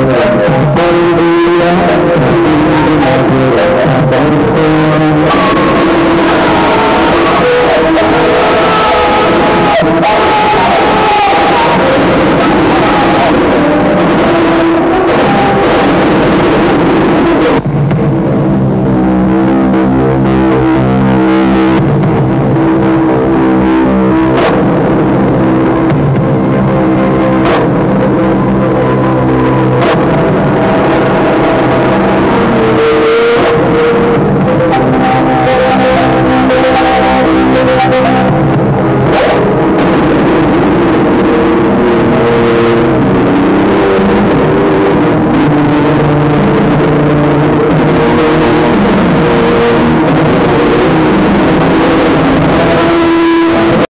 Amen.